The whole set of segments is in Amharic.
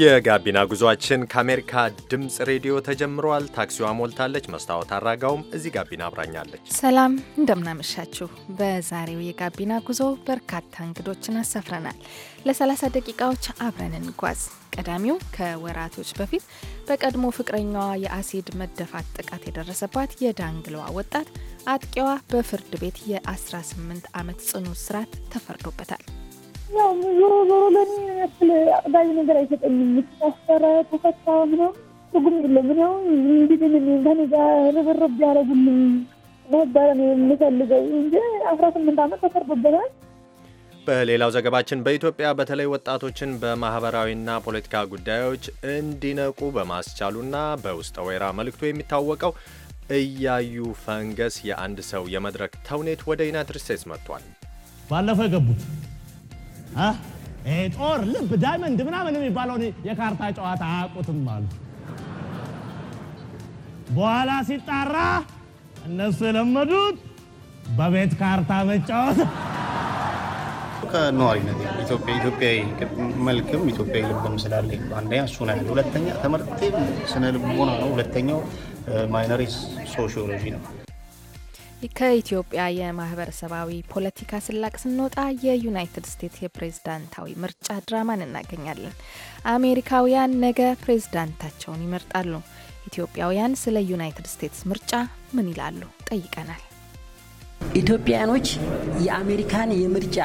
የጋቢና ጉዟችን ከአሜሪካ ድምፅ ሬዲዮ ተጀምሯል። ታክሲዋ ሞልታለች። መስታወት አራጋውም እዚህ ጋቢና አብራኛለች። ሰላም እንደምናመሻችሁ። በዛሬው የጋቢና ጉዞ በርካታ እንግዶችን አሰፍረናል ለ ለ30 ደቂቃዎች አብረን እንጓዝ። ቀዳሚው ከወራቶች በፊት በቀድሞ ፍቅረኛዋ የአሲድ መደፋት ጥቃት የደረሰባት የዳንግለዋ ወጣት አጥቂዋ በፍርድ ቤት የ18 ዓመት ጽኑ እስራት ተፈርዶበታል። ዞሮ ዞሮ ቀዳሚ ነገር አይሰጠኝም። ታሰረ፣ ተፈታ ምናምን ትርጉም የለም። እኔ አሁን እንዴት ርብርብ ያደረጉልኝ ነበረ የምፈልገው እንጂ አስራ ስምንት ዓመት ተፈርዶበታል። በሌላው ዘገባችን በኢትዮጵያ በተለይ ወጣቶችን በማህበራዊና ፖለቲካ ጉዳዮች እንዲነቁ በማስቻሉና በውስጠ ወይራ መልእክቱ የሚታወቀው እያዩ ፈንገስ የአንድ ሰው የመድረክ ተውኔት ወደ ዩናይትድ ስቴትስ መጥቷል። ባለፈው የገቡት ጦር፣ ልብ፣ ዳይመንድ ምናምን የሚባለውን የካርታ ጨዋታ አያውቁትም አሉ። በኋላ ሲጣራ እነሱ የለመዱት በቤት ካርታ መጫወት ከነዋሪነት ኢትዮጵያ ኢትዮጵያዊ መልክም ኢትዮጵያዊ ልብም ስላለኝ አንደኛ እሱ ነው። ሁለተኛ ትምህርቴም ስነ ልቦና ነው። ሁለተኛው ማይነሪስ ሶሺዮሎጂ ነው። ከኢትዮጵያ የማህበረሰባዊ ፖለቲካ ስላቅ ስንወጣ የዩናይትድ ስቴትስ የፕሬዝዳንታዊ ምርጫ ድራማን እናገኛለን። አሜሪካውያን ነገ ፕሬዝዳንታቸውን ይመርጣሉ። ኢትዮጵያውያን ስለ ዩናይትድ ስቴትስ ምርጫ ምን ይላሉ ጠይቀናል። ኢትዮጵያውያኖች የአሜሪካን የምርጫ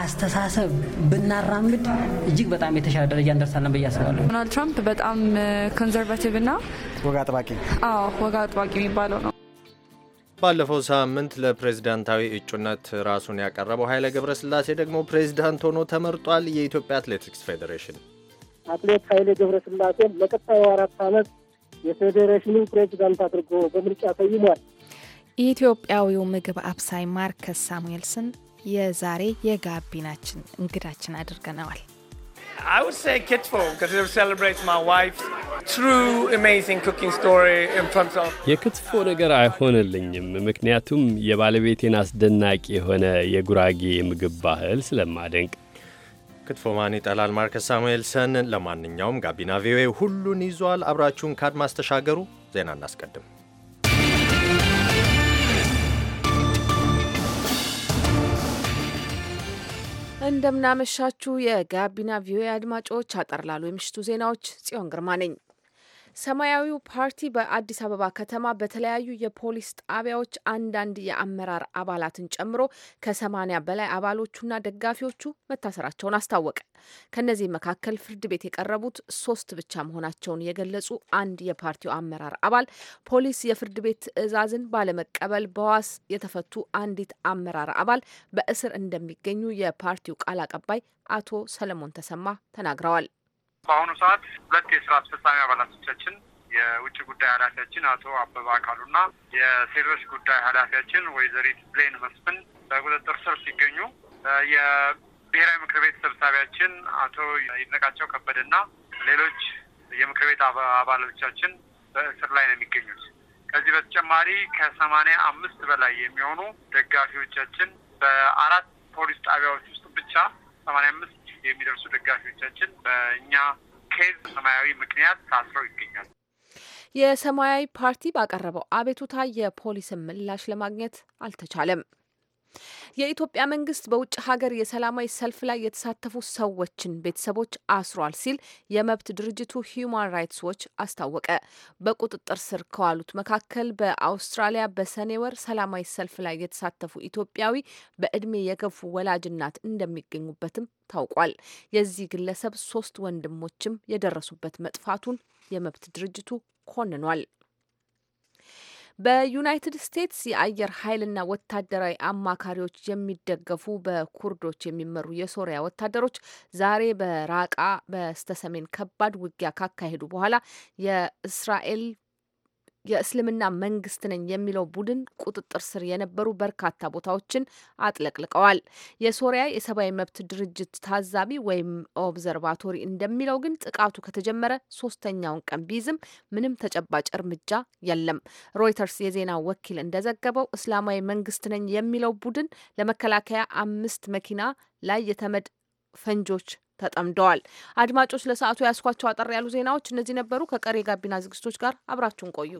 አስተሳሰብ ብናራምድ እጅግ በጣም የተሻለ ደረጃ እንደርሳለን ብዬ አስባለሁ። ዶናልድ ትራምፕ በጣም ኮንዘርቫቲቭ uh, እና ወግ አጥባቂ አዎ፣ ወግ አጥባቂ የሚባለው ነው ባለፈው ሳምንት ለፕሬዝዳንታዊ እጩነት ራሱን ያቀረበው ኃይለ ገብረስላሴ ደግሞ ፕሬዝዳንት ሆኖ ተመርጧል። የኢትዮጵያ አትሌቲክስ ፌዴሬሽን አትሌት ኃይሌ ገብረስላሴ ለቀጣዩ አራት ዓመት የፌዴሬሽኑ ፕሬዝዳንት አድርጎ በምርጫ ተይሟል። የኢትዮጵያዊው ምግብ አብሳይ ማርከስ ሳሙኤልስን የዛሬ የጋቢናችን እንግዳችን አድርገነዋል። I would say Kitfo because it celebrates my wife's true amazing cooking story in front of የክትፎ ነገር አይሆንልኝም ምክንያቱም የባለቤቴን አስደናቂ የሆነ የጉራጌ ምግብ ባህል ስለማደንቅ። ክትፎ ማን ይጠላል? ማርከስ ሳሙኤልሰን። ለማንኛውም ጋቢና ቪኦኤ ሁሉን ይዟል። አብራችሁን ካድማስ ተሻገሩ። ዜና እናስቀድም። እንደምናመሻችሁ የጋቢና ቪኦኤ አድማጮች፣ አጠርላሉ። የምሽቱ ዜናዎች ጽዮን ግርማ ነኝ። ሰማያዊው ፓርቲ በአዲስ አበባ ከተማ በተለያዩ የፖሊስ ጣቢያዎች አንዳንድ የአመራር አባላትን ጨምሮ ከሰማኒያ በላይ አባሎቹና ደጋፊዎቹ መታሰራቸውን አስታወቀ። ከእነዚህ መካከል ፍርድ ቤት የቀረቡት ሶስት ብቻ መሆናቸውን የገለጹ አንድ የፓርቲው አመራር አባል ፖሊስ የፍርድ ቤት ትዕዛዝን ባለመቀበል በዋስ የተፈቱ አንዲት አመራር አባል በእስር እንደሚገኙ የፓርቲው ቃል አቀባይ አቶ ሰለሞን ተሰማ ተናግረዋል። በአሁኑ ሰዓት ሁለት የስራ አስፈጻሚ አባላቶቻችን የውጭ ጉዳይ ኃላፊያችን አቶ አበባ አካሉና የሴቶች ጉዳይ ኃላፊያችን ወይዘሪት ብሌን መስፍን በቁጥጥር ስር ሲገኙ የብሔራዊ ምክር ቤት ሰብሳቢያችን አቶ ይድነቃቸው ከበደና ሌሎች የምክር ቤት አባሎቻችን በእስር ላይ ነው የሚገኙት። ከዚህ በተጨማሪ ከሰማኒያ አምስት በላይ የሚሆኑ ደጋፊዎቻችን በአራት ፖሊስ ጣቢያዎች ውስጥ ብቻ ሰማኒያ አምስት የሚደርሱ ደጋፊዎቻችን በእኛ ኬዝ ሰማያዊ ምክንያት ታስረው ይገኛሉ። የሰማያዊ ፓርቲ ባቀረበው አቤቱታ የፖሊስን ምላሽ ለማግኘት አልተቻለም። የኢትዮጵያ መንግስት በውጭ ሀገር የሰላማዊ ሰልፍ ላይ የተሳተፉ ሰዎችን ቤተሰቦች አስሯል ሲል የመብት ድርጅቱ ሂዩማን ራይትስ ዎች አስታወቀ። በቁጥጥር ስር ከዋሉት መካከል በአውስትራሊያ በሰኔ ወር ሰላማዊ ሰልፍ ላይ የተሳተፉ ኢትዮጵያዊ በእድሜ የገፉ ወላጅ እናት እንደሚገኙበትም ታውቋል። የዚህ ግለሰብ ሶስት ወንድሞችም የደረሱበት መጥፋቱን የመብት ድርጅቱ ኮንኗል። በዩናይትድ ስቴትስ የአየር ኃይልና ወታደራዊ አማካሪዎች የሚደገፉ በኩርዶች የሚመሩ የሶሪያ ወታደሮች ዛሬ በራቃ በስተሰሜን ከባድ ውጊያ ካካሄዱ በኋላ የእስራኤል የእስልምና መንግስት ነኝ የሚለው ቡድን ቁጥጥር ስር የነበሩ በርካታ ቦታዎችን አጥለቅልቀዋል። የሶሪያ የሰብአዊ መብት ድርጅት ታዛቢ ወይም ኦብዘርቫቶሪ እንደሚለው ግን ጥቃቱ ከተጀመረ ሶስተኛውን ቀን ቢይዝም ምንም ተጨባጭ እርምጃ የለም። ሮይተርስ የዜና ወኪል እንደዘገበው እስላማዊ መንግስት ነኝ የሚለው ቡድን ለመከላከያ አምስት መኪና ላይ የተመድ ፈንጆች ተጠምደዋል። አድማጮች ለሰዓቱ ያስኳቸው አጠር ያሉ ዜናዎች እነዚህ ነበሩ። ከቀሪ የጋቢና ዝግጅቶች ጋር አብራችሁን ቆዩ።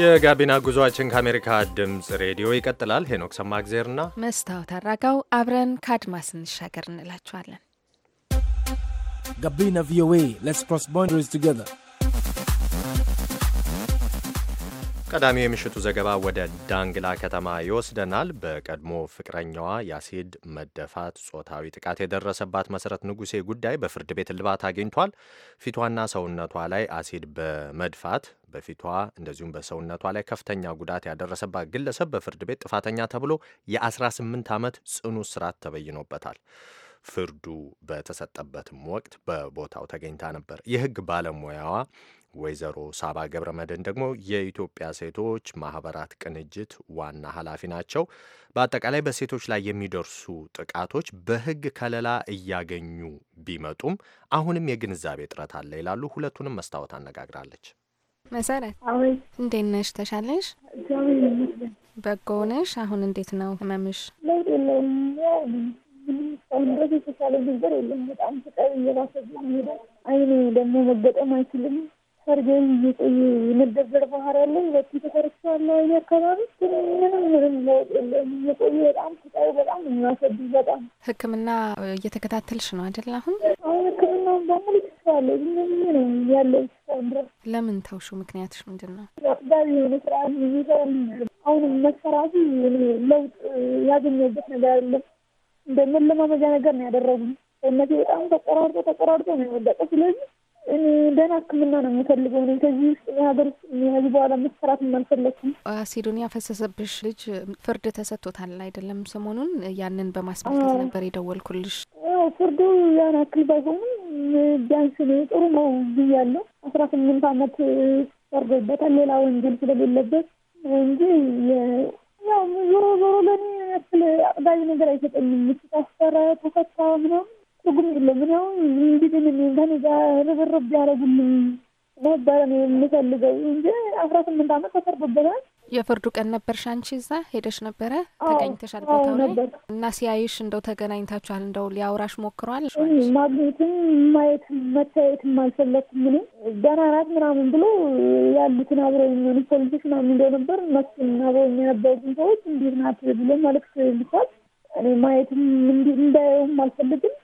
የጋቢና ጉዞአችን ከአሜሪካ ድምፅ ሬዲዮ ይቀጥላል። ሄኖክ ሰማእግዜርና መስታወት አራጋው አብረን ከአድማስ እንሻገር እንላችኋለን። ጋቢና ቪኦኤ ሌትስ ክሮስ ቦንደሪስ ቱጌዘር ቀዳሚው የምሽቱ ዘገባ ወደ ዳንግላ ከተማ ይወስደናል። በቀድሞ ፍቅረኛዋ የአሲድ መደፋት፣ ጾታዊ ጥቃት የደረሰባት መሰረት ንጉሴ ጉዳይ በፍርድ ቤት እልባት አግኝቷል። ፊቷና ሰውነቷ ላይ አሲድ በመድፋት በፊቷ እንደዚሁም በሰውነቷ ላይ ከፍተኛ ጉዳት ያደረሰባት ግለሰብ በፍርድ ቤት ጥፋተኛ ተብሎ የ18 ዓመት ጽኑ እስራት ተበይኖበታል። ፍርዱ በተሰጠበትም ወቅት በቦታው ተገኝታ ነበር። የህግ ባለሙያዋ ወይዘሮ ሳባ ገብረ መድን ደግሞ የኢትዮጵያ ሴቶች ማህበራት ቅንጅት ዋና ኃላፊ ናቸው። በአጠቃላይ በሴቶች ላይ የሚደርሱ ጥቃቶች በሕግ ከለላ እያገኙ ቢመጡም አሁንም የግንዛቤ እጥረት አለ ይላሉ። ሁለቱንም መስታወት አነጋግራለች። መሰረት እንዴት ነሽ? ተሻለሽ? በጎ ነሽ? አሁን እንዴት ነው ህመምሽ? የተሻለ ነገር የለም። በጣም ስቃይ እየባሰ ሄደ። አይኔ ደግሞ መገጠም አይችልም። ሰርጀሪ የመደበር ባህር ያለኝ ሁለቱ ተኮርቻለ። ወይ አካባቢ ምንም ምንም ለውጥ የለም። እየቆየ በጣም ስቃዩ በጣም የሚያሰዱ በጣም ህክምና እየተከታተልሽ ነው አይደል? አሁን አሁን ሕክምናውን በሙሉ ትችዋለ ምንም ነው ያለው እስካሁን ድረስ። ለምን ተውሹ? ምክንያትሽ ምንድን ነው? አቅዳቢ የሆነ ስርአት ብዙ ሰው አሁንም መሰራቱ ለውጥ ያገኘበት ነገር አለም። እንደምን ለማመጃ ነገር ነው ያደረጉ ሰውነቴ በጣም ተቆራርጦ ተቆራርጦ ነው የወደቀ ስለዚህ እኔ ደህና ሕክምና ነው የምፈልገው። እኔ ከዚህ ውስጥ ሀገር ውስጥ ከዚህ በኋላ መሰራት አልፈለኩም። አሲዱን ያፈሰሰብሽ ልጅ ፍርድ ተሰጥቶታል አይደለም? ሰሞኑን ያንን በማስመልከት ነበር የደወልኩልሽ። ፍርዱ ያን አክል ባይሆንም ቢያንስ ጥሩ ነው ብያለሁ። አስራ ስምንት አመት ፈርዶበታል ሌላ ወንጀል ስለሌለበት እንጂ ያው ዞሮ ዞሮ ለእኔ ያክል አቅዳጅ ነገር አይሰጠኝም። ስታሰረ ተፈታ ምናምን ትርጉም የለም። እኔ እንዴት ምን ከኔ ጋር ርብርብ ነበረ የምፈልገው እንጂ አስራ ስምንት አመት ተፈርዶበታል። የፍርዱ ቀን ነበር ሻንቺ እዛ ሄደሽ ነበረ ተገኝተሻል ቦታው እና ሲያይሽ እንደው ተገናኝታችኋል? እንደው ሊያውራሽ ሞክሯል? ማግኘትም ማየት መታየትም አልፈለኩም። ምንም ገና ናት ምናምን ብሎ ያሉትን አብረ የሚሆኑ ፖሊሶች ምናምን እንደው ነበር መስን አብረ የነበሩትን ሰዎች እንዲህ ናት ብሎ መልዕክት ልኳል። እኔ ማየትም እንዳየውም አልፈልግም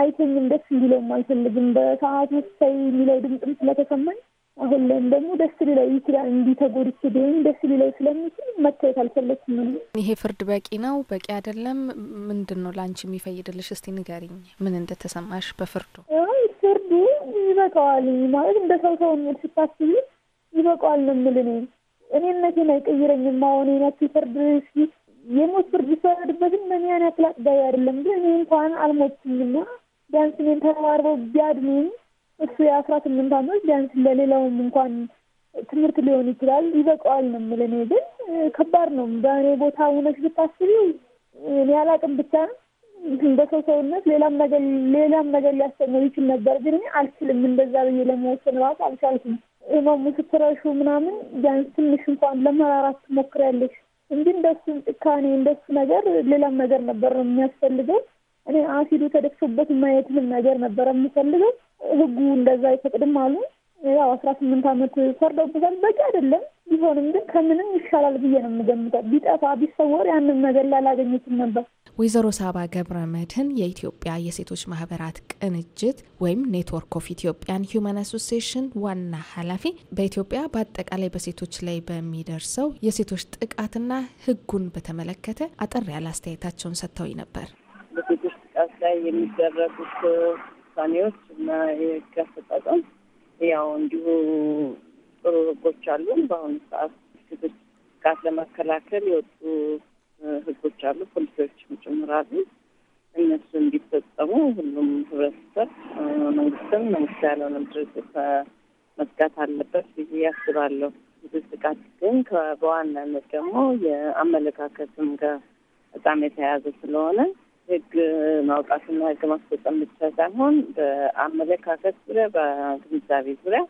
አይተኝም፣ ደስ እንዲለውም አልፈልግም። በሰዓቱ ሳይ የሚለው ድምፅም ስለተሰማኝ አሁን ላይም ደግሞ ደስ ሊለው ይችላል። እንዲህ ተጎድቼ ቢሆን ደስ ሊለው ስለሚችል መታየት አልፈለግም። ይሄ ፍርድ በቂ ነው በቂ አይደለም ምንድን ነው ለአንቺ የሚፈይድልሽ? እስቲ ንገሪኝ፣ ምን እንደተሰማሽ በፍርዱ። ፍርዱ ይበቃዋል ማለት እንደ ሰው ሰው የሚል ስታስቢ ይበቃዋል ነው የምልህ። እኔነቴን አይቀይረኝም። አሁን ናቸው ፍርድ ሲ የሞት ፍርድ ሊፈረድበትም በሚያን ያን ያክል አስጋቢ አይደለም። ግን እኔ እንኳን አልሞትኝና ቢያንስ እኔን ተባርበው ቢያድኑም እሱ የአስራ ስምንት አመት ቢያንስ ለሌላውም እንኳን ትምህርት ሊሆን ይችላል ይበቃዋል ነው የምልህ። እኔ ግን ከባድ ነው። በእኔ ቦታ ሆነሽ ብታስቢው እኔ አላቅም ብቻ በሰው ሰውነት ሌላም ነገር ሌላም ነገር ሊያሰኘው ይችል ነበር። ግን እኔ አልችልም እንደዛ ብዬ ለመወሰን ራሱ አልቻልኩም። እማሙ ስትረሹ ምናምን ቢያንስ ትንሽ እንኳን ለመራራት ትሞክሪያለሽ እንጂ እንደሱን ጭካኔ እንደሱ ነገር ሌላም ነገር ነበር ነው የሚያስፈልገው። እኔ አሲዱ ተደፍቶበት ማየትም ነገር ነበር የምፈልገው። ህጉ እንደዛ አይፈቅድም አሉ። ያው አስራ ስምንት ዓመት ፈርዶበታል። በቂ አይደለም ቢሆንም ግን ከምንም ይሻላል ብዬ ነው የምገምጠው። ቢጠፋ ቢሰወር ያንን ነገር ላላገኘችም ነበር። ወይዘሮ ሳባ ገብረ መድህን የኢትዮጵያ የሴቶች ማህበራት ቅንጅት ወይም ኔትወርክ ኦፍ ኢትዮጵያን ሁማን አሶሲሽን ዋና ኃላፊ፣ በኢትዮጵያ በአጠቃላይ በሴቶች ላይ በሚደርሰው የሴቶች ጥቃትና ህጉን በተመለከተ አጠር ያለ አስተያየታቸውን ሰጥተው ነበር። በሴቶች ጥቃት ላይ የሚደረጉት ውሳኔዎች እና የህግ አፈጻጸም ያው እንዲሁ ጥሩ ህጎች አሉ። በአሁኑ ሰዓት ሴቶች ጥቃት ለመከላከል የወጡ ህጎች አሉ፣ ፖሊሲዎችም ጭምራሉ። እነሱ እንዲፈጸሙ ሁሉም ህብረተሰብ፣ መንግስትም፣ መንግስት ያለውንም ድርጅት መዝጋት አለበት ብዬ ያስባለሁ። ብዙ ጥቃት ግን በዋናነት ደግሞ የአመለካከትም ጋር በጣም የተያያዘ ስለሆነ ህግ ማውጣትና ህግ ማስፈጸም ብቻ ሳይሆን በአመለካከት ዙሪያ በግንዛቤ ዙሪያ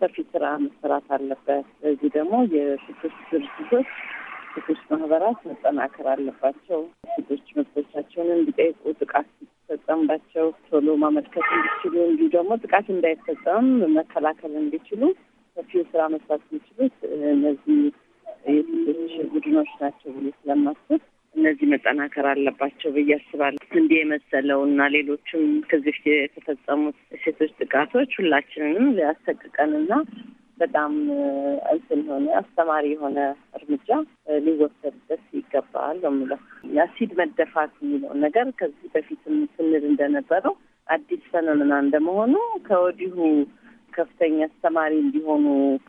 ሰፊ ስራ መሰራት አለበት። በዚህ ደግሞ የሽግግር ድርጅቶች ሴቶች ማህበራት መጠናከር አለባቸው። ሴቶች መብቶቻቸውን እንዲጠይቁ ጥቃት እንዲፈጸምባቸው ቶሎ ማመልከት እንዲችሉ፣ እንዲሁ ደግሞ ጥቃት እንዳይፈጸም መከላከል እንዲችሉ ሰፊው ስራ መስራት የሚችሉት እነዚህ የሴቶች ቡድኖች ናቸው ብሎ ስለማስብ እነዚህ መጠናከር አለባቸው ብዬ አስባለሁ። እንዲህ የመሰለው እና ሌሎችም ከዚህ የተፈጸሙት ሴቶች ጥቃቶች ሁላችንንም ሊያሰቅቀንና በጣም እንትን ሆነ አስተማሪ የሆነ እርምጃ ሊወሰድበት ይገባል ነው የአሲድ መደፋት የሚለውን ነገር ከዚህ በፊትም ስንል እንደነበረው አዲስ ፈኖምና እንደመሆኑ ከወዲሁ ከፍተኛ አስተማሪ እንዲሆኑ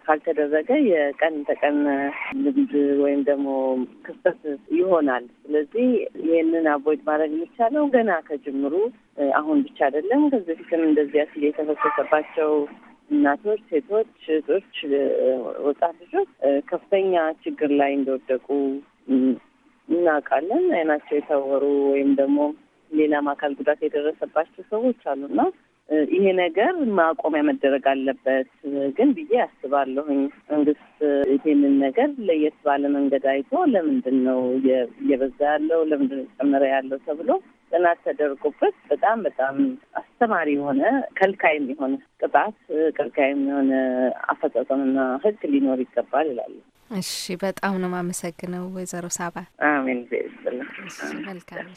ካልተደረገ የቀን ተቀን ልምድ ወይም ደግሞ ክስተት ይሆናል። ስለዚህ ይህንን አቮይድ ማድረግ የሚቻለው ገና ከጅምሩ አሁን ብቻ አይደለም። ከዚህ በፊትም እንደዚህ አሲድ የተፈሰሰባቸው እናቶች፣ ሴቶች፣ እህቶች፣ ወጣት ልጆች ከፍተኛ ችግር ላይ እንደወደቁ እናውቃለን። አይናቸው የታወሩ ወይም ደግሞ ሌላም አካል ጉዳት የደረሰባቸው ሰዎች አሉና ይሄ ነገር ማቆሚያ መደረግ አለበት ግን ብዬ አስባለሁኝ። መንግስት ይሄንን ነገር ለየት ባለ መንገድ አይቶ ለምንድን ነው እየበዛ ያለው ለምንድን ነው የጨመረ ያለው ተብሎ ጥናት ተደርጎበት በጣም በጣም አስተማሪ የሆነ ከልካይም የሆነ ቅጣት ከልካይም የሆነ አፈጻጸምና ህግ ሊኖር ይገባል ይላሉ። እሺ፣ በጣም ነው የማመሰግነው ወይዘሮ ሳባ። አሜን። መልካም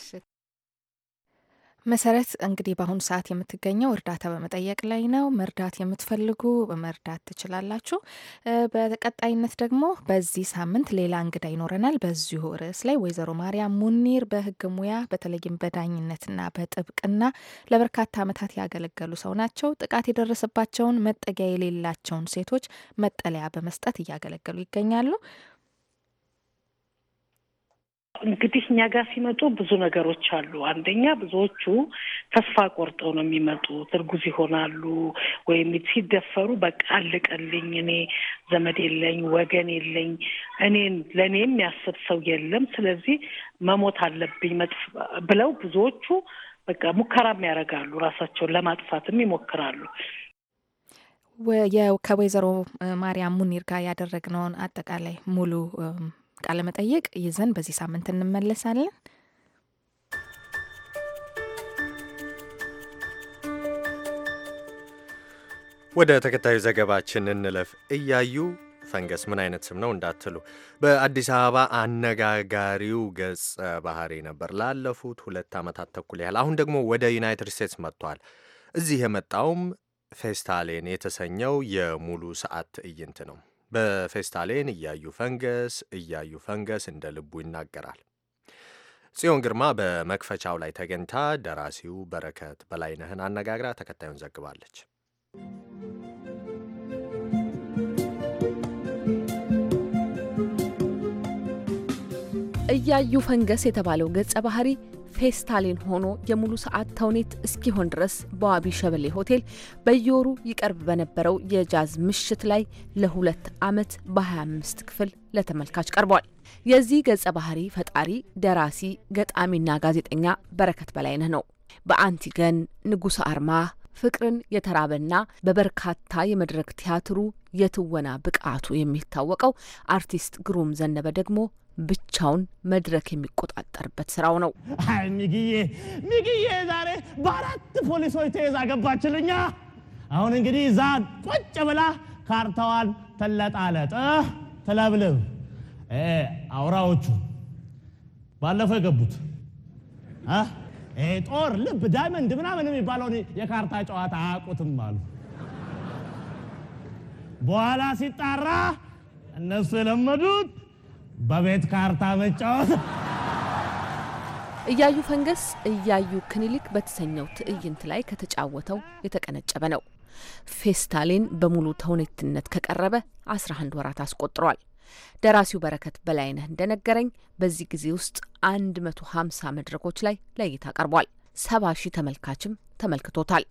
መሰረት እንግዲህ በአሁኑ ሰዓት የምትገኘው እርዳታ በመጠየቅ ላይ ነው። መርዳት የምትፈልጉ መርዳት ትችላላችሁ። በቀጣይነት ደግሞ በዚህ ሳምንት ሌላ እንግዳ ይኖረናል። በዚሁ ርዕስ ላይ ወይዘሮ ማርያም ሙኒር በህግ ሙያ በተለይም በዳኝነትና በጥብቅና ለበርካታ ዓመታት ያገለገሉ ሰው ናቸው። ጥቃት የደረሰባቸውን መጠጊያ የሌላቸውን ሴቶች መጠለያ በመስጠት እያገለገሉ ይገኛሉ። እንግዲህ እኛ ጋር ሲመጡ ብዙ ነገሮች አሉ። አንደኛ ብዙዎቹ ተስፋ ቆርጠው ነው የሚመጡት። እርጉዝ ይሆናሉ ወይም ሲደፈሩ በቃ አልቀልኝ፣ እኔ ዘመድ የለኝ፣ ወገን የለኝ፣ እኔን ለእኔ የሚያስብ ሰው የለም፣ ስለዚህ መሞት አለብኝ መጥፍ ብለው ብዙዎቹ በቃ ሙከራም ያደርጋሉ፣ ራሳቸውን ለማጥፋትም ይሞክራሉ። ከወይዘሮ ማርያም ሙኒር ጋር ያደረግነውን አጠቃላይ ሙሉ ቃለመጠይቅ ይዘን በዚህ ሳምንት እንመለሳለን። ወደ ተከታዩ ዘገባችን እንለፍ። እያዩ ፈንገስ ምን አይነት ስም ነው እንዳትሉ፣ በአዲስ አበባ አነጋጋሪው ገጸ ባህሪ ነበር ላለፉት ሁለት ዓመታት ተኩል ያህል። አሁን ደግሞ ወደ ዩናይትድ ስቴትስ መጥቷል። እዚህ የመጣውም ፌስታሌን የተሰኘው የሙሉ ሰዓት ትዕይንት ነው። በፌስታሌን እያዩ ፈንገስ እያዩ ፈንገስ እንደ ልቡ ይናገራል። ጽዮን ግርማ በመክፈቻው ላይ ተገኝታ ደራሲው በረከት በላይነህን አነጋግራ ተከታዩን ዘግባለች። እያዩ ፈንገስ የተባለው ገጸ ባህሪ ፌስታሊን ሆኖ የሙሉ ሰዓት ተውኔት እስኪሆን ድረስ በዋቢ ሸበሌ ሆቴል በየወሩ ይቀርብ በነበረው የጃዝ ምሽት ላይ ለሁለት ዓመት በ25 ክፍል ለተመልካች ቀርቧል። የዚህ ገጸ ባህሪ ፈጣሪ ደራሲ፣ ገጣሚና ጋዜጠኛ በረከት በላይነህ ነው። በአንቲገን ንጉሥ አርማ ፍቅርን የተራበና በበርካታ የመድረክ ቲያትሩ የትወና ብቃቱ የሚታወቀው አርቲስት ግሩም ዘነበ ደግሞ ብቻውን መድረክ የሚቆጣጠርበት ስራው ነው። አይ ሚግዬ ሚግዬ ዛሬ በአራት ፖሊሶች ተይዛ ገባችልኛ። አሁን እንግዲህ እዛ ቁጭ ብላ ካርታዋን ትለጣለጥ ትለብልብ። አውራዎቹ ባለፈው የገቡት ጦር፣ ልብ፣ ዳይመንድ ምናምን የሚባለውን የካርታ ጨዋታ አያውቁትም አሉ። በኋላ ሲጣራ እነሱ የለመዱት በቤት ካርታ መጫወት እያዩ ፈንገስ እያዩ ክኒሊክ በተሰኘው ትዕይንት ላይ ከተጫወተው የተቀነጨበ ነው። ፌስታሌን በሙሉ ተውኔትነት ከቀረበ 11 ወራት አስቆጥሯል። ደራሲው በረከት በላይነህ እንደነገረኝ በዚህ ጊዜ ውስጥ 150 መድረኮች ላይ ለእይታ ቀርቧል። ሰባ ሺህ ተመልካችም ተመልክቶታል።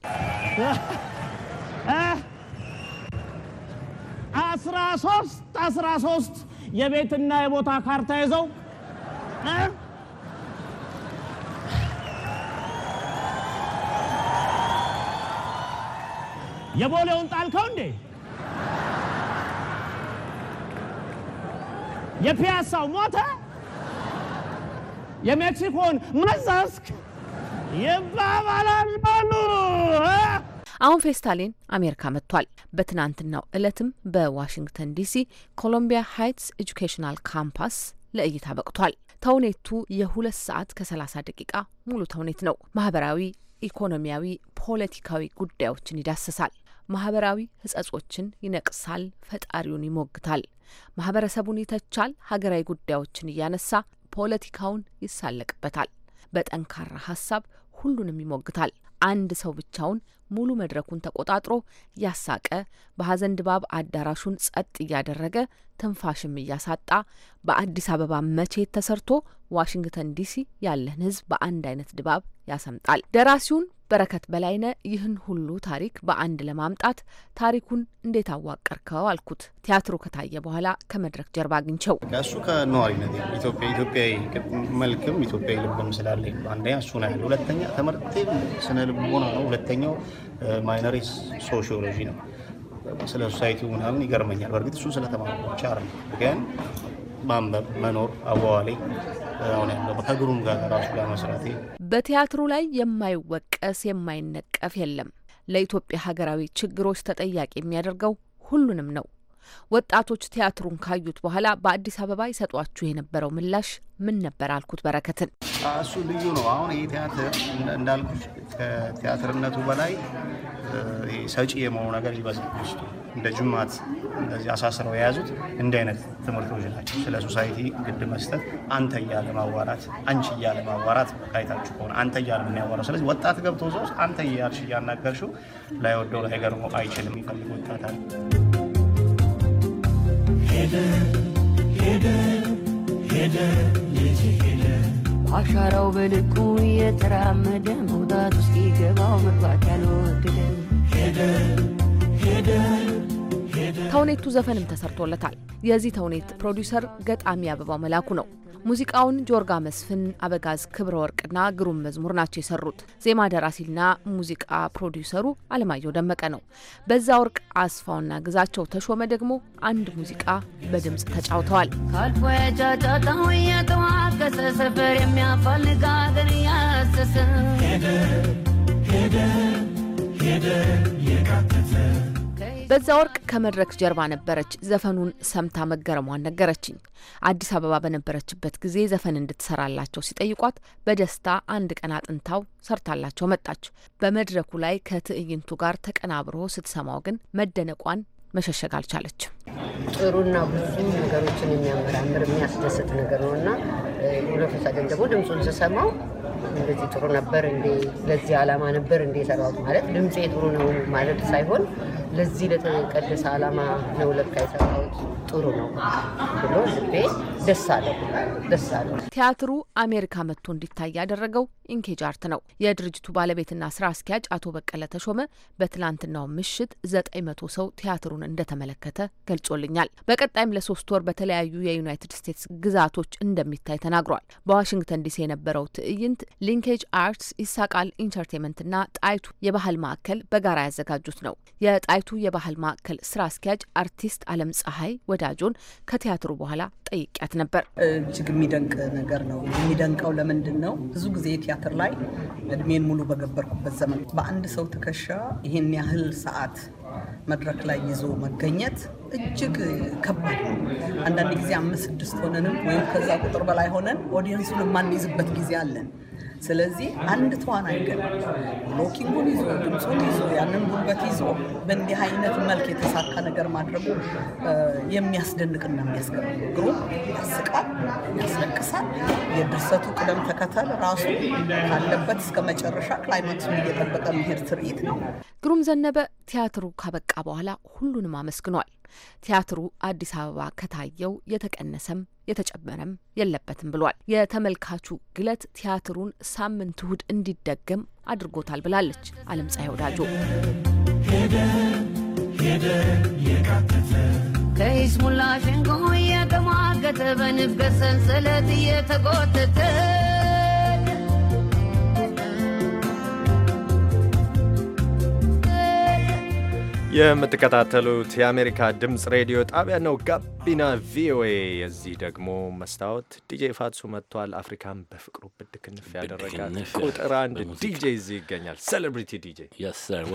አስራ ሶስት አስራ ሶስት የቤትና የቦታ ካርታ ይዘው የቦሌውን ጣልከው እንዴ? የፒያሳው ሞተ፣ የሜክሲኮን መዘዝክ ይባባላል በሉ። አሁን ፌስታሌን አሜሪካ መጥቷል። በትናንትናው ዕለትም በዋሽንግተን ዲሲ ኮሎምቢያ ሃይትስ ኤጁኬሽናል ካምፓስ ለእይታ በቅቷል። ተውኔቱ የሁለት ሰዓት ከሰላሳ ደቂቃ ሙሉ ተውኔት ነው። ማህበራዊ፣ ኢኮኖሚያዊ፣ ፖለቲካዊ ጉዳዮችን ይዳስሳል። ማህበራዊ ሕጸጾችን ይነቅሳል፣ ፈጣሪውን ይሞግታል፣ ማህበረሰቡን ይተቻል፣ ሀገራዊ ጉዳዮችን እያነሳ ፖለቲካውን ይሳለቅበታል። በጠንካራ ሀሳብ ሁሉንም ይሞግታል። አንድ ሰው ብቻውን ሙሉ መድረኩን ተቆጣጥሮ ያሳቀ በሀዘን ድባብ አዳራሹን ጸጥ እያደረገ ትንፋሽም እያሳጣ በአዲስ አበባ መቼት ተሰርቶ ዋሽንግተን ዲሲ ያለን ህዝብ በአንድ አይነት ድባብ ያሰምጣል። ደራሲውን በረከት በላይነ ይህን ሁሉ ታሪክ በአንድ ለማምጣት ታሪኩን እንዴት አዋቀርከው አልኩት። ቲያትሩ ከታየ በኋላ ከመድረክ ጀርባ አግኝቸው እሱ ከነዋሪነት ኢትዮጵያዊ መልክም ኢትዮጵያዊ ልብም ስላለኝ አንደኛ እሱ ነው ያለ። ሁለተኛ ትምህርቴም ስነ ልቦና ነው። ሁለተኛው ማይነር ሶሺዮሎጂ ነው። ስለ ሶሳይቲ ምናምን ይገርመኛል። በእርግጥ እሱን ስለተማሩ ብቻ ግን ማንበብ፣ መኖር፣ አዋዋሌ ከግሩም ጋር ራሱ ጋር መስራት በቲያትሩ ላይ የማይወቀስ የማይነቀፍ የለም። ለኢትዮጵያ ሀገራዊ ችግሮች ተጠያቂ የሚያደርገው ሁሉንም ነው። ወጣቶች ቲያትሩን ካዩት በኋላ በአዲስ አበባ ይሰጧችሁ የነበረው ምላሽ ምን ነበር? አልኩት በረከትን። እሱ ልዩ ነው። አሁን ይህ ቲያትር እንዳልኩት ከቲያትርነቱ በላይ ሰጪ የመሆኑ ነገር ይበዛል እንደ ጅማት እንደዚህ አሳስረው የያዙት እንዲህ አይነት ትምህርቶች ናቸው። ስለ ሶሳይቲ ግድ መስጠት፣ አንተ እያለ ማዋራት፣ አንቺ እያለ ማዋራት ካይታችሁ ከሆነ አንተ እያለ የሚያዋራው ስለዚህ ወጣት ገብቶ ሶስት አንተ እያልሽ እያናገርሽው ላይወደው ላይገርሞ አይችልም። ይፈልግ ወጣታል ሄደ ሄደ ሄደ ልጅ ሄደ አሻራው በልኩ የተራመደ መውጣት ውስጥ ገባው መግባት ያልወደደ ሄደ ሄደ ተውኔቱ ዘፈንም ተሰርቶለታል። የዚህ ተውኔት ፕሮዲውሰር ገጣሚ አበባው መላኩ ነው። ሙዚቃውን ጆርጋ መስፍን፣ አበጋዝ ክብረ ወርቅና ግሩም መዝሙር ናቸው የሰሩት። ዜማ ደራሲና ሙዚቃ ፕሮዲውሰሩ አለማየሁ ደመቀ ነው። በዛ ወርቅ አስፋውና ግዛቸው ተሾመ ደግሞ አንድ ሙዚቃ በድምፅ ተጫውተዋል። ሰፈር የሚያፈልግ አገር ሄደ ሄደ ሄደ የካተተ በዛ ወርቅ ከመድረክ ጀርባ ነበረች። ዘፈኑን ሰምታ መገረሟን ነገረችኝ። አዲስ አበባ በነበረችበት ጊዜ ዘፈን እንድትሰራላቸው ሲጠይቋት በደስታ አንድ ቀን አጥንታው ሰርታላቸው መጣች። በመድረኩ ላይ ከትዕይንቱ ጋር ተቀናብሮ ስትሰማው ግን መደነቋን መሸሸግ አልቻለችም። ጥሩና ብዙ ነገሮችን የሚያመራምር የሚያስደስት ነገር ነው እና ደግሞ ድምፁን ስሰማው እንደዚህ ጥሩ ነበር እንዴ ለዚህ ዓላማ ነበር እንዴ የሰራሁት ማለት ድምፄ ጥሩ ነው ማለት ሳይሆን ለዚህ ለተቀደሰ ዓላማ ነው ለካ የሰራሁት ጥሩ ነው ብሎ ልቤ ደስ አለ ደስ አለ። ቲያትሩ አሜሪካ መጥቶ እንዲታይ ያደረገው ኢንኬጃርት ነው። የድርጅቱ ባለቤትና ስራ አስኪያጅ አቶ በቀለ ተሾመ በትላንትናው ምሽት ዘጠኝ መቶ ሰው ቲያትሩን እንደተመለከተ ገልጾልኛል። በቀጣይም ለሶስት ወር በተለያዩ የዩናይትድ ስቴትስ ግዛቶች እንደሚታይ ተናግሯል። በዋሽንግተን ዲሲ የነበረው ትዕይንት ሊንኬጅ አርትስ፣ ይሳቃል እና ጣይቱ የባህል ማዕከል በጋራ ያዘጋጁት ነው። የጣይቱ የባህል ማዕከል ስራ አስኪያጅ አርቲስት አለም ፀሐይ ወዳጆን ከቲያትሩ በኋላ ጠይቂያት ነበር። እጅግ የሚደንቅ ነገር ነው። የሚደንቀው ለምንድን ነው? ብዙ ጊዜ ቲያትር ላይ እድሜን ሙሉ በገበርኩበት ዘመን በአንድ ሰው ትከሻ ይህን ያህል ሰዓት መድረክ ላይ ይዞ መገኘት እጅግ ከባድ ነው። አንዳንድ ጊዜ አምስት ስድስት ሆነንም ወይም ከዛ ቁጥር በላይ ሆነን ኦዲየንሱን የማንይዝበት ጊዜ አለን። ስለዚህ አንድ ተዋናይ ግን ሎኪንጉን ይዞ ድምፁን ይዞ ያንን ጉልበት ይዞ በእንዲህ አይነት መልክ የተሳካ ነገር ማድረጉ የሚያስደንቅና የሚያስገርም ግሩም፣ ያስቃል፣ ያስለቅሳል። የድርሰቱ ቅደም ተከተል ራሱ ካለበት እስከ መጨረሻ ክላይማክሱን እየጠበቀ መሄድ ትርኢት ነው። ግሩም ዘነበ ቲያትሩ ካበቃ በኋላ ሁሉንም አመስግኗል። ቲያትሩ አዲስ አበባ ከታየው የተቀነሰም የተጨመረም የለበትም ብሏል። የተመልካቹ ግለት ቲያትሩን ሳምንት እሁድ እንዲደገም አድርጎታል ብላለች አለም ፀሐይ ወዳጆ። ከይስሙላ ሸንጎ እየተሟገተ በንፍቀት ሰንሰለት እየተጎተተ የምትከታተሉት የአሜሪካ ድምፅ ሬዲዮ ጣቢያ ነው፣ ጋቢና ቪኦኤ። የዚህ ደግሞ መስታወት ዲጄ ፋትሱ መጥቷል። አፍሪካን በፍቅሩ ብድክንፍ ያደረጋት ቁጥር አንድ ዲጄ እዚህ ይገኛል። ሴሌብሪቲ ዲጄ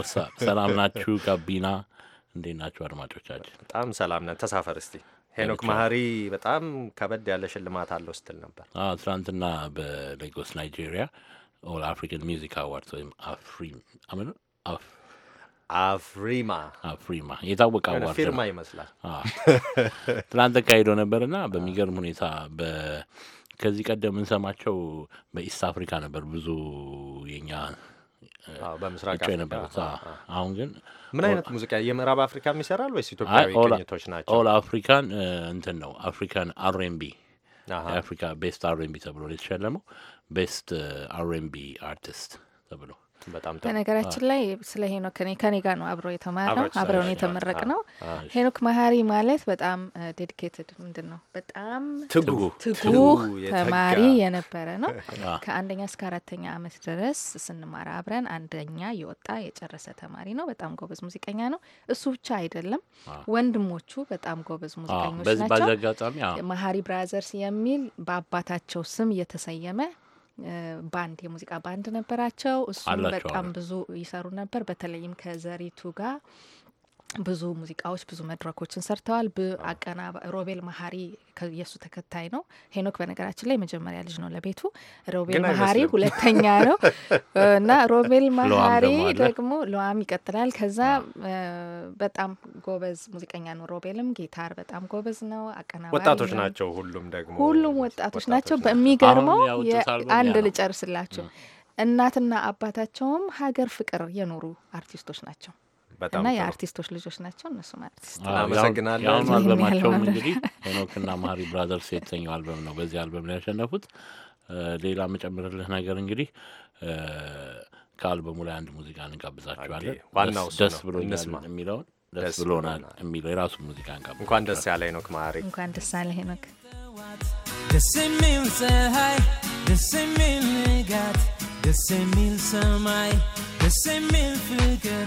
ወሳ። ሰላም ናችሁ? ጋቢና እንዴት ናችሁ አድማጮቻችን? በጣም ሰላም ነን። ተሳፈር እስቲ ሄኖክ ማህሪ በጣም ከበድ ያለ ሽልማት አለው ስትል ነበር ትናንትና በሌጎስ ናይጄሪያ ኦል አፍሪካን ሚዚክ አዋርድ ወይም አፍሪ አፍ አፍሪማ አፍሪማ የታወቀ አዋርድ ፊርማ ይመስላል። ትናንት ተካሂዶ ነበርና በሚገርም ሁኔታ ከዚህ ቀደም የምንሰማቸው በኢስት አፍሪካ ነበር ብዙ የኛ በምስራቅ ነበሩት። አሁን ግን ምን አይነት ሙዚቃ የምዕራብ አፍሪካ የሚሰራል ወይስ ኢትዮጵያዊ ቅኝቶች ናቸው? ኦል አፍሪካን እንትን ነው አፍሪካን አር የአፍሪካ ቤስት አር ተብሎ የተሸለመው ቤስት አር አርቲስት ተብሎ በጣም በነገራችን ላይ ስለ ሄኖክ እኔ ከኔ ጋር ነው አብሮ ነው አብረውን የተመረቅ ነው። ሄኖክ መሀሪ ማለት በጣም ዴዲኬትድ ምንድን ነው በጣም ትጉ ትጉህ ተማሪ የነበረ ነው። ከአንደኛ እስከ አራተኛ አመት ድረስ ስንማር አብረን አንደኛ የወጣ የጨረሰ ተማሪ ነው። በጣም ጎበዝ ሙዚቀኛ ነው። እሱ ብቻ አይደለም፣ ወንድሞቹ በጣም ጎበዝ ሙዚቀኞች ናቸው። መሀሪ ብራዘርስ የሚል በአባታቸው ስም የተሰየመ ባንድ የሙዚቃ ባንድ ነበራቸው። እሱም በጣም ብዙ ይሰሩ ነበር። በተለይም ከዘሪቱ ጋር ብዙ ሙዚቃዎች ብዙ መድረኮችን ሰርተዋል። አቀና ሮቤል መሀሪ የእሱ ተከታይ ነው። ሄኖክ በነገራችን ላይ መጀመሪያ ልጅ ነው ለቤቱ። ሮቤል መሀሪ ሁለተኛ ነው እና ሮቤል መሀሪ ደግሞ ለዋም ይቀጥላል። ከዛ በጣም ጎበዝ ሙዚቀኛ ነው። ሮቤልም ጊታር በጣም ጎበዝ ነው። አቀና ወጣቶች ናቸው። ሁሉም ደግሞ ሁሉም ወጣቶች ናቸው። በሚገርመው አንድ ልጨርስላቸው እናትና አባታቸውም ሀገር ፍቅር የኖሩ አርቲስቶች ናቸው። እና የአርቲስቶች ልጆች ናቸው። እነሱም አርቲስት አመሰግናለሁ። የአሁኑ አልበማቸውም እንግዲህ ሄኖክና ማሪ ብራዘርስ የተሰኘው አልበም ነው። በዚህ አልበም ላይ ያሸነፉት። ሌላ መጨምርልህ ነገር እንግዲህ ከአልበሙ ላይ አንድ ሙዚቃ እንጋብዛቸዋለን። ደስ ብሎኛል የሚለውን ደስ ብሎናል የሚለው የራሱ ሙዚቃ እንጋብዛቸዋለን። እንኳን ደስ ያለ ሄኖክ ማሪ፣ እንኳን ደስ ያለ ሄኖክ። ደስ የሚል ፀሐይ፣ ደስ የሚል ንጋት፣ ደስ የሚል ሰማይ፣ ደስ የሚል ፍቅር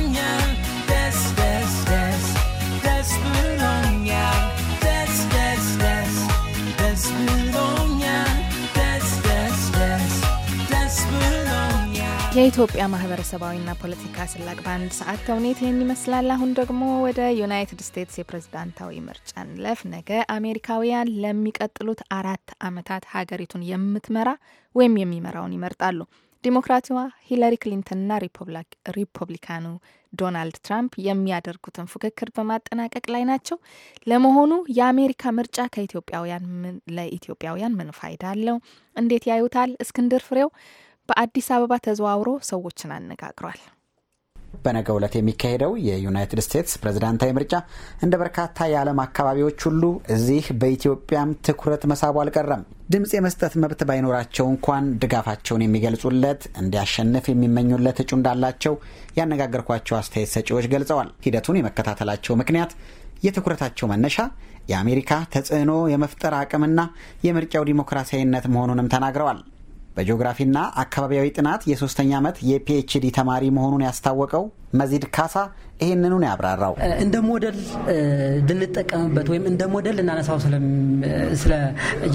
የኢትዮጵያ ማህበረሰባዊና ፖለቲካ ስላቅ በአንድ ሰዓት ተውኔት ይህን ይመስላል። አሁን ደግሞ ወደ ዩናይትድ ስቴትስ የፕሬዝዳንታዊ ምርጫ እንለፍ። ነገ አሜሪካውያን ለሚቀጥሉት አራት ዓመታት ሀገሪቱን የምትመራ ወይም የሚመራውን ይመርጣሉ። ዲሞክራቲዋ ሂለሪ ክሊንተንና ሪፐብሊካኑ ዶናልድ ትራምፕ የሚያደርጉትን ፉክክር በማጠናቀቅ ላይ ናቸው። ለመሆኑ የአሜሪካ ምርጫ ከኢትዮጵያውያን ለኢትዮጵያውያን ምን ፋይዳ አለው? እንዴት ያዩታል? እስክንድር ፍሬው በአዲስ አበባ ተዘዋውሮ ሰዎችን አነጋግሯል። በነገ ዕለት የሚካሄደው የዩናይትድ ስቴትስ ፕሬዝዳንታዊ ምርጫ እንደ በርካታ የዓለም አካባቢዎች ሁሉ እዚህ በኢትዮጵያም ትኩረት መሳቡ አልቀረም። ድምፅ የመስጠት መብት ባይኖራቸው እንኳን ድጋፋቸውን የሚገልጹለት እንዲያሸንፍ የሚመኙለት እጩ እንዳላቸው ያነጋገርኳቸው አስተያየት ሰጪዎች ገልጸዋል። ሂደቱን የመከታተላቸው ምክንያት የትኩረታቸው መነሻ የአሜሪካ ተጽዕኖ የመፍጠር አቅምና የምርጫው ዲሞክራሲያዊነት መሆኑንም ተናግረዋል። በጂኦግራፊና አካባቢያዊ ጥናት የሶስተኛ ዓመት የፒኤችዲ ተማሪ መሆኑን ያስታወቀው መዚድ ካሳ ይህንኑን ያብራራው እንደ ሞዴል ልንጠቀምበት ወይም እንደ ሞዴል ልናነሳው ስለ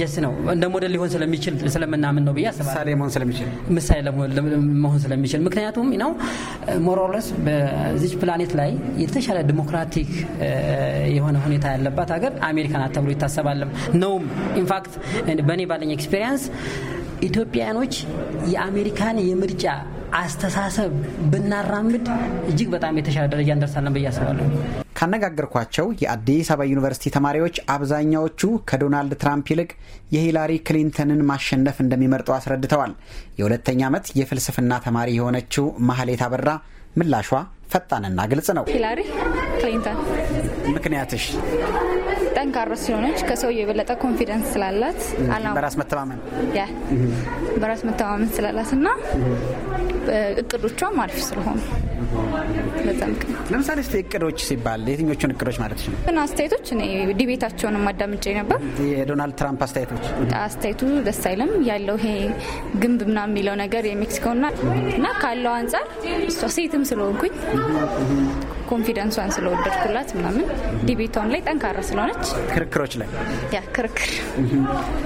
ጀስ ነው እንደ ሞዴል ሊሆን ስለሚችል ስለምናምን ነው ብዬ ምሳሌ መሆን ስለሚችል ምሳሌ መሆን ስለሚችል ምክንያቱም ነው ሞሮለስ በዚች ፕላኔት ላይ የተሻለ ዲሞክራቲክ የሆነ ሁኔታ ያለባት ሀገር አሜሪካ ናት ተብሎ ይታሰባለም ነውም ኢንፋክት በእኔ ባለኝ ኤክስፔሪንስ ኢትዮጵያውያኖች የአሜሪካን የምርጫ አስተሳሰብ ብናራምድ እጅግ በጣም የተሻለ ደረጃ እንደርሳለን ብዬ አስባለሁ። ካነጋገርኳቸው የአዲስ አበባ ዩኒቨርሲቲ ተማሪዎች አብዛኛዎቹ ከዶናልድ ትራምፕ ይልቅ የሂላሪ ክሊንተንን ማሸነፍ እንደሚመርጡ አስረድተዋል። የሁለተኛ ዓመት የፍልስፍና ተማሪ የሆነችው ማህሌት አበራ ምላሿ ፈጣንና ግልጽ ነው። ሂላሪ ክሊንተን ምክንያትሽ ጠንካራ ስለሆነች ከሰው የበለጠ ኮንፊደንስ ስላላት በራስ መተማመን በራስ መተማመን ስላላት እና እቅዶቿም አሪፍ ስለሆኑ ለምሳሌ ስ እቅዶች ሲባል የትኞቹን እቅዶች ማለት ነው? ግን አስተያየቶች እኔ ዲቤታቸውን አዳምጬ ነበር። የዶናልድ ትራምፕ አስተያየቶች አስተያየቱ ደስ አይልም ያለው ይሄ ግንብ ምናምን የሚለው ነገር የሜክሲኮና እና ካለው አንጻር እሷ ሴትም ስለሆንኩኝ ኮንፊደንሷን ስለወደድኩላት ምናምን ዲቤቷን ላይ ጠንካራ ስለሆነች ክርክሮች ላይ ያ ክርክር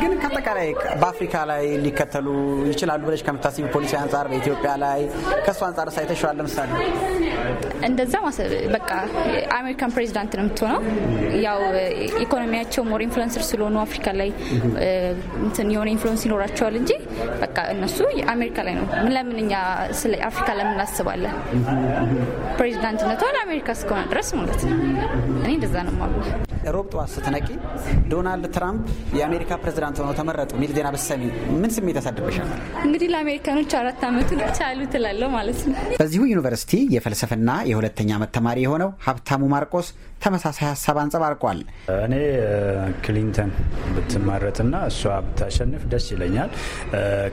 ግን ከአጠቃላይ በአፍሪካ ላይ ሊከተሉ ይችላሉ ብለሽ ከምታስቢ ፖሊሲ አንጻር በኢትዮጵያ ላይ ከእሱ አንጻር ሳይተሸዋል ለምሳሌ እንደዛ በቃ አሜሪካን ፕሬዚዳንት ነው የምትሆነው። ያው ኢኮኖሚያቸው ሞር ኢንፍሉንስር ስለሆኑ አፍሪካ ላይ እንትን የሆነ ኢንፍሉንስ ይኖራቸዋል እንጂ በቃ እነሱ አሜሪካ ላይ ነው። ምን ለምን እኛ ስለ አፍሪካ ለምን እናስባለን? ፕሬዚዳንትነቷ አሜሪካ እስከሆነ ድረስ ማለት ነው። እንደዛ ነው ማሉ። ሮብ ጠዋት ስትነቂ ዶናልድ ትራምፕ የአሜሪካ ፕሬዚዳንት ሆነው ተመረጡ የሚል ዜና ብትሰሚ ምን ስሜት ያሳድርብሻል? እንግዲህ ለአሜሪካኖች አራት አመቱን ቻሉ ትላለው ማለት ነው። በዚሁ ዩኒቨርሲቲ የፍልስፍና የሁለተኛ ዓመት ተማሪ የሆነው ሀብታሙ ማርቆስ ተመሳሳይ ሀሳብ አንጸባርቋል። እኔ ክሊንተን ብትመረጥና እሷ ብታሸንፍ ደስ ይለኛል።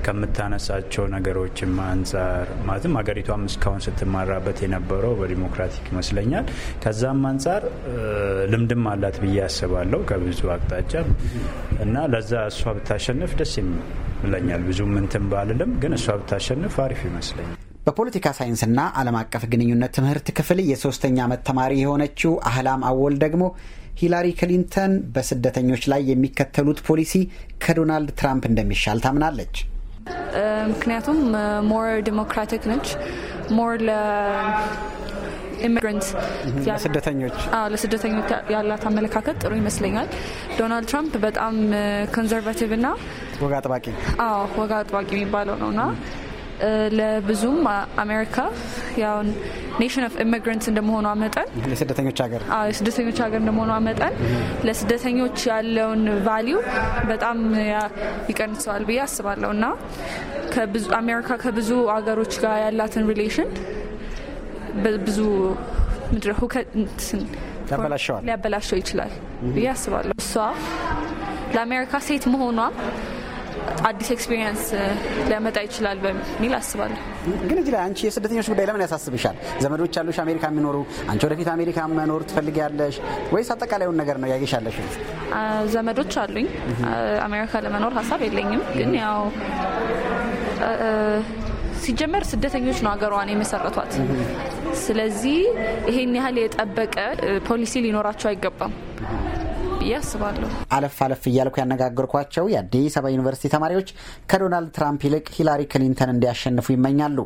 ከምታነሳቸው ነገሮችም አንጻር ማለትም ሀገሪቷም እስካሁን ስትማራበት የነበረው በዲሞክራቲክ ይመስለኛል። ከዛም አንጻር ልምድም አላት ብዬ አስባለሁ ከብዙ አቅጣጫ እና ለዛ እሷ ብታሸንፍ ደስ ይለኛል። ብዙም እንትን ባልልም ግን እሷ ብታሸንፍ አሪፍ ይመስለኛል። በፖለቲካ ሳይንስና ዓለም አቀፍ ግንኙነት ትምህርት ክፍል የሶስተኛ ዓመት ተማሪ የሆነችው አህላም አወል ደግሞ ሂላሪ ክሊንተን በስደተኞች ላይ የሚከተሉት ፖሊሲ ከዶናልድ ትራምፕ እንደሚሻል ታምናለች። ምክንያቱም ሞር ዲሞክራቲክ ነች ሞር ኢሚግራንት mm-hmm. ለስደተኞች ለስደተኞች ያላት አመለካከት ጥሩ ይመስለኛል። ዶናልድ ትራምፕ በጣም ኮንዘርቫቲቭ እና ወግ አጥባቂ አዎ ወግ አጥባቂ የሚባለው ነው ና ለብዙም አሜሪካ ያው ኔሽን ኦፍ ኢሚግራንትስ እንደመሆኗ መጠን የስደተኞች ሀገር የስደተኞች ሀገር እንደመሆኗ መጠን ለስደተኞች ያለውን ቫሊዩ በጣም ይቀንሰዋል ብዬ አስባለሁ እና አሜሪካ ከብዙ ሀገሮች ጋር ያላትን ሪሌሽን ብዙ ምድረ ሊያበላሸው ይችላል ብዬ አስባለሁ። እሷ ለአሜሪካ ሴት መሆኗ አዲስ ኤክስፒሪየንስ ሊያመጣ ይችላል በሚል አስባለሁ። ግን እዚህ ላይ አንቺ የስደተኞች ጉዳይ ለምን ያሳስብሻል? ዘመዶች ያሉሽ አሜሪካ የሚኖሩ አንቺ ወደፊት አሜሪካ መኖር ትፈልጊያለሽ ወይስ አጠቃላዩን ነገር ነው ያገሻለሽ? ዘመዶች አሉኝ። አሜሪካ ለመኖር ሀሳብ የለኝም። ግን ያው ሲጀመር ስደተኞች ነው ሀገሯን የመሰረቷት። ስለዚህ ይሄን ያህል የጠበቀ ፖሊሲ ሊኖራቸው አይገባም። ብዬ አስባለሁ። አለፍ አለፍ እያልኩ ያነጋገርኳቸው የአዲስ አበባ ዩኒቨርሲቲ ተማሪዎች ከዶናልድ ትራምፕ ይልቅ ሂላሪ ክሊንተን እንዲያሸንፉ ይመኛሉ።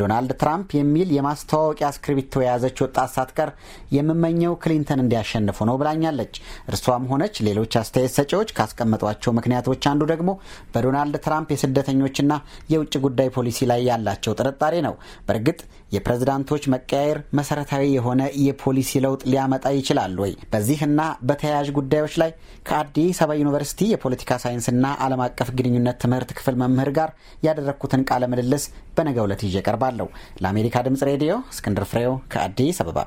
ዶናልድ ትራምፕ የሚል የማስተዋወቂያ እስክሪብቶ የያዘች ወጣት ሳትቀር የምመኘው ክሊንተን እንዲያሸንፉ ነው ብላኛለች። እርሷም ሆነች ሌሎች አስተያየት ሰጪዎች ካስቀመጧቸው ምክንያቶች አንዱ ደግሞ በዶናልድ ትራምፕ የስደተኞችና የውጭ ጉዳይ ፖሊሲ ላይ ያላቸው ጥርጣሬ ነው። በእርግጥ የፕሬዝዳንቶች መቀያየር መሰረታዊ የሆነ የፖሊሲ ለውጥ ሊያመጣ ይችላል ወይ? በዚህና በተያያዥ ጉዳዮች ጉዳዮች ላይ ከአዲስ አበባ ዩኒቨርሲቲ የፖለቲካ ሳይንስና ዓለም አቀፍ ግንኙነት ትምህርት ክፍል መምህር ጋር ያደረግኩትን ቃለ ምልልስ በነገ ዕለት ይዤ ቀርባለሁ። ለአሜሪካ ድምጽ ሬዲዮ እስክንድር ፍሬው ከአዲስ አበባ።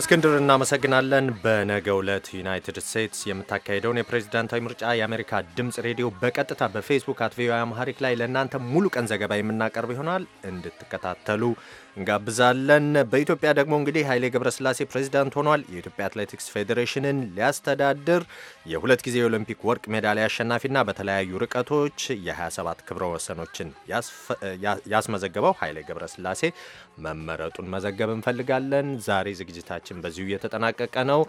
እስክንድር እናመሰግናለን። በነገ ዕለት ዩናይትድ ስቴትስ የምታካሄደውን የፕሬዝዳንታዊ ምርጫ የአሜሪካ ድምፅ ሬዲዮ በቀጥታ በፌስቡክ አት ቪኦኤ አምሃሪክ ላይ ለእናንተ ሙሉ ቀን ዘገባ የምናቀርብ ይሆናል እንድትከታተሉ እንጋብዛለን። በኢትዮጵያ ደግሞ እንግዲህ ኃይሌ ገብረስላሴ ፕሬዚዳንት ሆኗል። የኢትዮጵያ አትሌቲክስ ፌዴሬሽንን ሊያስተዳድር የሁለት ጊዜ የኦሎምፒክ ወርቅ ሜዳሊያ አሸናፊና በተለያዩ ርቀቶች የ27 ክብረ ወሰኖችን ያስመዘገበው ኃይሌ ገብረስላሴ መመረጡን መዘገብ እንፈልጋለን። ዛሬ ዝግጅታችን በዚሁ እየተጠናቀቀ ነው።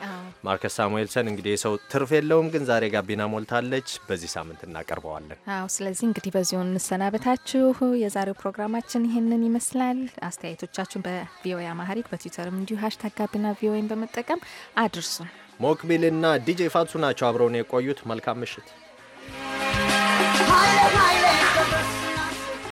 ማርከስ ሳሙኤልሰን እንግዲህ የሰው ትርፍ የለውም፣ ግን ዛሬ ጋቢና ሞልታለች። በዚህ ሳምንት እናቀርበዋለን። ስለዚህ እንግዲህ በዚሁ እንሰናበታችሁ። የዛሬው ፕሮግራማችን ይህንን ይመስላል። አስተያየ አስተያየቶቻችሁን በቪኦኤ አማሪክ በትዊተርም እንዲሁ ሀሽታግ ጋቢና ቪኦኤን በመጠቀም አድርሱን። ሞክቢልና ዲጄ ፋቱ ናቸው አብረውን የቆዩት። መልካም ምሽት።